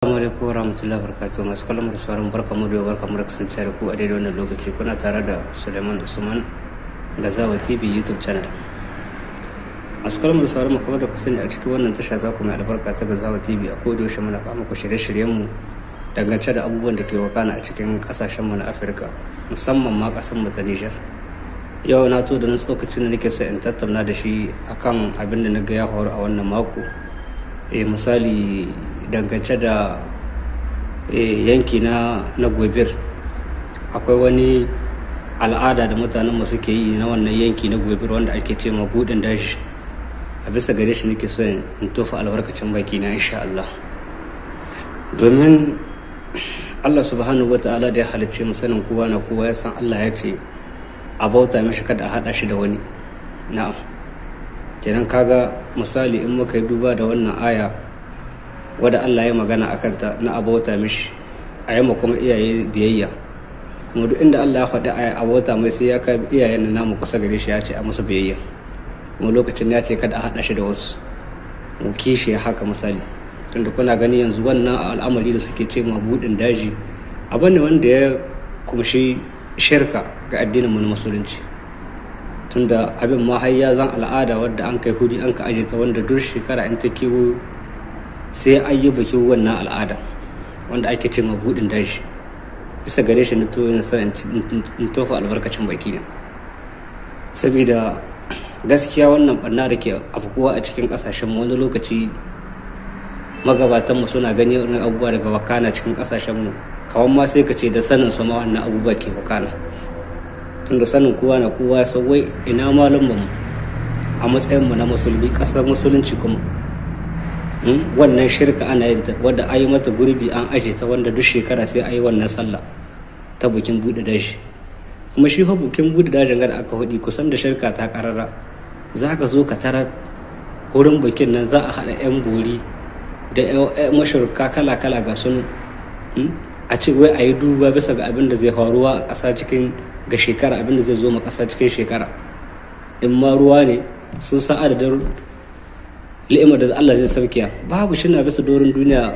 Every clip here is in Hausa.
Assalamualaikum warahmatullahi wa wabarakatuh masu kallon da sauran barka mu da barka mu da kasance da ku Ada dua wannan kecil kuna tare da Suleiman Usman Gazawa TV YouTube channel. Masu kallon da sauran mu da kasance a cikin wannan tasha za ku albarka ta Gazawa TV a koda yaushe muna Kamu ku shirye-shiryen mu dangance da abubuwan da ke wakana a cikin kasashen mu na Afirka musamman ma kasar Mata Niger. Yau na to da nan tsokacin da nake so in tattauna da shi akan abin da na ga ya a wannan Eh misali dangance da eh, yanki na na gobir akwai wani al'ada da mutanen masu ke yi na wannan yanki na gobir wanda ake ce ma budin dashi a bisa gare shi nake so in tofa albarkacin baki na insha Allah domin Allah subhanahu wata'ala da ya halicce mu sanin kowa na kowa ya san Allah ya ce a bauta mishi kada a hada shi da wani na'am kenan kaga misali in muka yi duba da wannan aya wadda Allah ya magana a kanta na abota mishi a yi kuma iyaye biyayya kuma duk inda Allah ya faɗi a abota mai sai ya ka iyayen namu kusa gare shi ya ce a musu biyayya kuma lokacin ya ce kada a haɗa shi da wasu mu kishi haka misali tunda kuna gani yanzu wannan al'amari da suke ce ma buɗin daji abin ne wanda ya kumshi shirka ga addinin mu na musulunci tunda abin ma har ya zan al'ada wadda an kai hudi an ka ajiye ta wanda duk shekara in ta kiwo sai an yi bikin wannan al'ada wanda ake ce ma buɗin daji bisa gare shi in tofa albarkacin baki ne saboda gaskiya wannan barna da ke afkuwa a cikin kasashen wani lokaci magabatanmu suna gani wani abubuwa daga wakana cikin kasashenmu kawan ma sai ka ce da sanin su ma wannan abubuwa ke wakana tunda sanin kowa na kowa ya wai ina malamman mu a matsayinmu na musulmi kasar musulunci kuma Hmm? wannan shirka ana yin ta wadda ayi mata gurbi an aje ta wanda duk shekara sai a yi wannan sallah ta bukin buɗe dashi kuma shi fa bukin buɗe dashin gar aka hudi kusan da shirka ta karara za ka zo ka tara wurin bukin nan za a haɗa 'yan bori da mashirka kala-kala ga sun hmm? a ce wai a yi duba bisa ga abin da zai faruwa a ƙasa cikin ga shekara abin da zai zo ma ƙasa cikin shekara in ma ruwa ne sun sa adadin li'imar da Allah zai saukiya babu shi na bisa doron duniya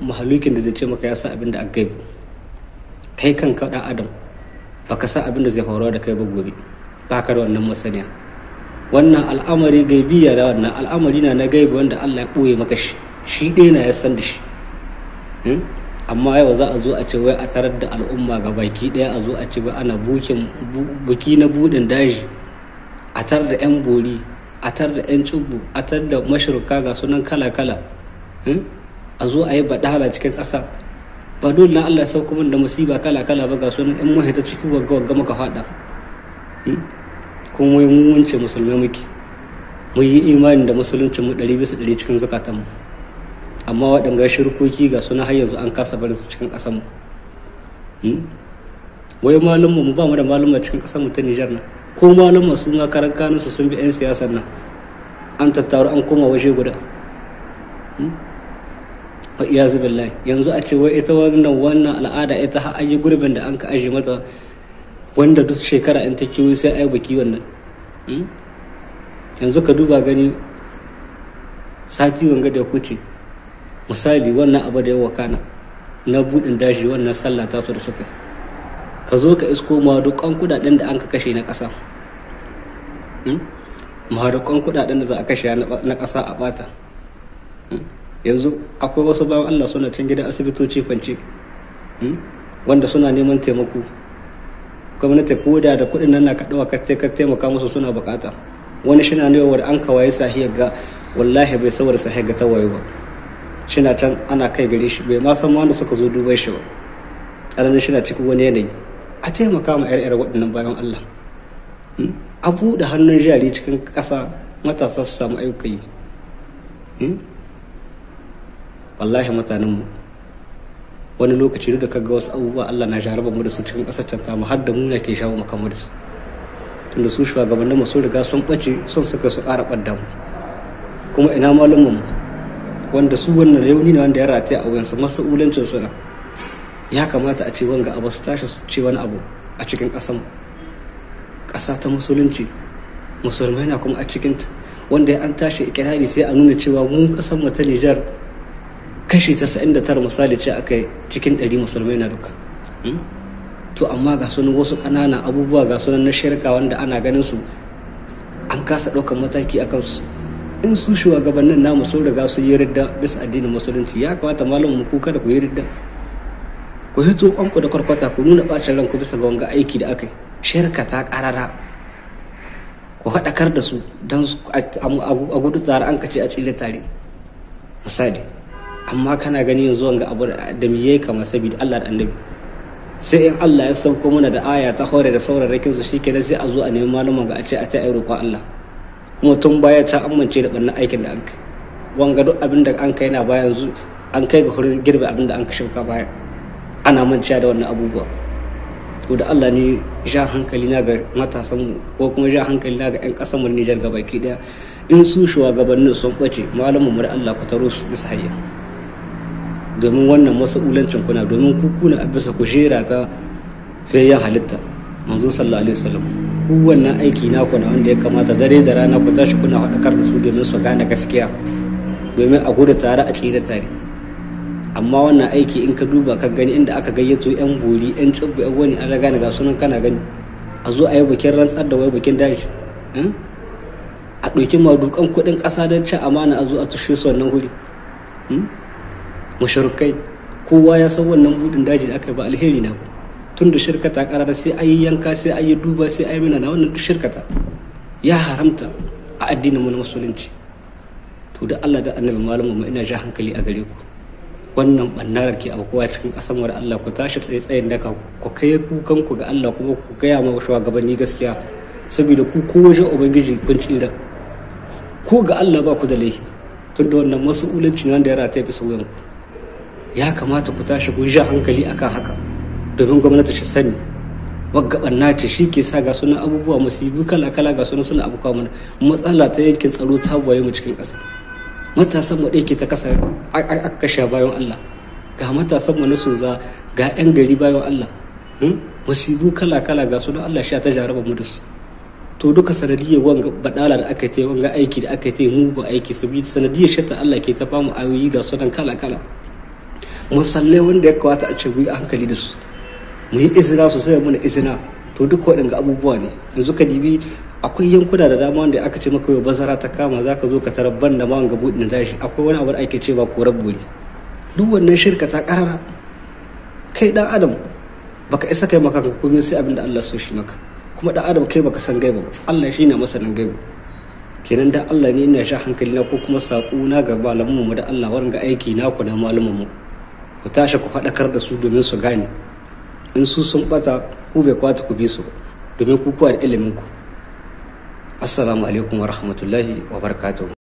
mahalukin da zai ce maka ya sa abin da aka gaibu kai kan kaɗa adam ba ka sa abin da zai horo da kai ba gobe ba ka da wannan masaniya wannan al'amari gaibiya da wannan al'amari na na gaibi wanda Allah ya ɓoye maka shi shi ɗaya na ya san da shi hmm? amma yau za a zo a ce wai a tarar da al'umma ga baki ɗaya a zo a ce ba ana buki na buɗin daji a tarar da 'yan bori a tar da 'yan cubu a tar da mashirka ga sunan kala-kala hmm? a zo a yi baɗala cikin ƙasa ba dole na Allah sau kuma da musiba kala-kala ba ga sunan 'yan mahaita cikin wagga gama maka faɗa hmm? kuma yi mun musulmi musulmai muke mun yi imani da musulunci mu ɗari bisa ɗari cikin zukatanmu amma waɗanga shirkoki ga suna har yanzu an kasa barin su cikin ƙasanmu hmm? wai malumma mu ba mu da malumma cikin mu ta Nijar na. ko malama su ma karan su sun bi 'yan siyasar nan an tattaru an koma waje guda hmm? wa iyazu billahi yanzu a ce wai ita wannan wannan al'ada ita har ayi gurbin da an ka aje mata wanda duk shekara in ta kiwo sai ayi baki wannan hmm? yanzu ka duba gani sati wanga da kuce misali wannan abu da ya wakana na budin dashi wannan sallah su da suka yi ka zo ka isko mahadukan kudaden da an ka kashe na ƙasa hmm? mahadukan kudaden da za a kashe na ƙasa a bata hmm? yanzu akwai wasu bayan allah suna can gidan asibitoci kwance hmm? wanda suna neman taimako gwamnati ko da da kudin nan na ka ɗawa taimaka musu suna bukata wani shina ne wa an kawaye sahiyar ga wallahi bai saboda sahiyar ga tawaye ba shina can ana kai gare shi bai ma san wanda suka zo duban shi ba shi shina cikin wani yanayi a taimaka ma 'yar waɗannan bayan Allah hmm? a buɗe hannun jari cikin ƙasa matasa su samu ayyuka yi hmm? wallahi mutanenmu wani lokaci da kaga wasu abubuwa Allah na jaraba mu da su cikin ƙasar can mu har da mu ne ke shawo mu da su tunda su shugabannin mu sun riga sun ɓace sun suka su ƙara ɓadda mu kuma ina malamin mu wanda su wannan rauni ne wanda ya rataya a wayansu masu ulancin suna ya kamata a ce wanga abu su tashi su ce wani abu a cikin ƙasan ƙasa ta musulunci musulmai na kuma a ta wanda ya an tashi ikirari sai a nuna cewa mu Nijar mu ta Nijar kashi tara misali ce aka cikin ɗari musulmai na duka hmm? to amma ga sunan wasu ƙananan abubuwa ga sunan na shirka wanda ana ganin su an kasa ɗaukar mataki a kansu in su shugabannin namu sun riga su yi ridda bisa addinin musulunci ya kamata malamin mu kuka da ku yi ridda ku hito kwanku da kwarkwata ku nuna bacin ranku bisa ga wanga aiki da aka yi shirka ta karara ku haɗakar da su don a gudu tare an kace a cile tare misali amma kana gani yanzu wanga abu da miye kama saboda Allah da annabi sai in Allah ya sauko mana da aya ta hore da rakin su da sai a zo a nemi malama ga a ce a ta ayyuka Allah kuma tun baya ta amince da bannan aikin da an kai wanga duk abin da an kai na bayan an kai ga hurin girbe abin da an ka shauka baya ana manta da wannan abubuwa to da Allah ne ja hankali na ga matasan mu ko kuma ja hankali na ga yan ƙasar mu Niger ki daya in su shugabannin sun bace malamin mu da Allah ku taro su bisa hayya domin wannan masu'ulancin kuna domin ku kuna a bisa ku jera ta fayyan halitta manzo sallallahu alaihi wasallam ku wannan aiki na na wanda ya kamata dare da rana ku tashi kuna kar da su domin su gane gaskiya domin a gudu tare a tsira tare amma wannan aiki in ka duba ka gani inda aka gayyato yan boli yan tsibbi yan wani an raga ga sunan kana gani a zo a yi bikin rantsar da wai bikin dashi eh? a ɗauki madukan kuɗin ƙasa don cin amana a zo a tushe su wannan wuri hmm? masharukai kowa ya san wannan buɗin daji da aka yi ba alheri na ku tun da shirka ta sai a yi yanka sai a yi duba sai a yi mina na wannan duk shirkata ya haramta a addinin mu na musulunci to da Allah da annabi malamu ina ja hankali a gare ku wannan banna da ke abkuwa cikin ƙasar mu da Allah ku tashi tsaye-tsayen daga ku kai kukan ku ga Allah kuma ku gaya ma shugabanni gaskiya saboda ku ko wajen ubangiji kun tsira ko ga Allah ba ku da laifi tun da wannan mas'ulanci wanda ya rata bisa wuyan ya kamata ku tashi ku ja hankali akan haka domin gwamnati ta sani wagga banna ce shi ke sa ga sunan abubuwa musibi kala-kala ga sunan sunan abubuwa mana matsala ta yankin tsaro ta boye mu cikin ƙasa matasan mu ɗauke ta kasa a kashe bayan Allah ga matasan mu na soza ga 'yan gari bayan Allah hmm? masibu kala-kala ga sunan Allah sha ta jaraba mu da su to duka sanadiyar wanga badala da aka yi wanga aiki da aka yi mugu aiki saboda sanadiyar shatta Allah ke ta bamu ayoyi ga sunan kala-kala musallai wanda ya kawata a ce mu yi hankali da su mu yi izina sosai na izina to duk waɗanga abubuwa ne yanzu ka dibi akwai yankuna da dama wanda aka ce maka yau bazara ta kama za ka zo ka tarar ban da mawan gabu da dashi akwai wani abu da ake cewa ko rabbori duk wannan shirka ta karara kai dan adam baka isa kai maka komai sai abin da Allah so shi maka kuma dan adam kai baka san gaiba Allah shi na masanin gaiba kenan da Allah ne ina sha hankali na ko kuma saƙo na ga mu da Allah Wannan ga aiki na ku na mu? ku tashi ku faɗakar da su domin su gane in su sun bata ku bai kwata ku bi su domin kukuwa da iliminku. assalamu alaikum wa rahmatullahi wa barakatuhu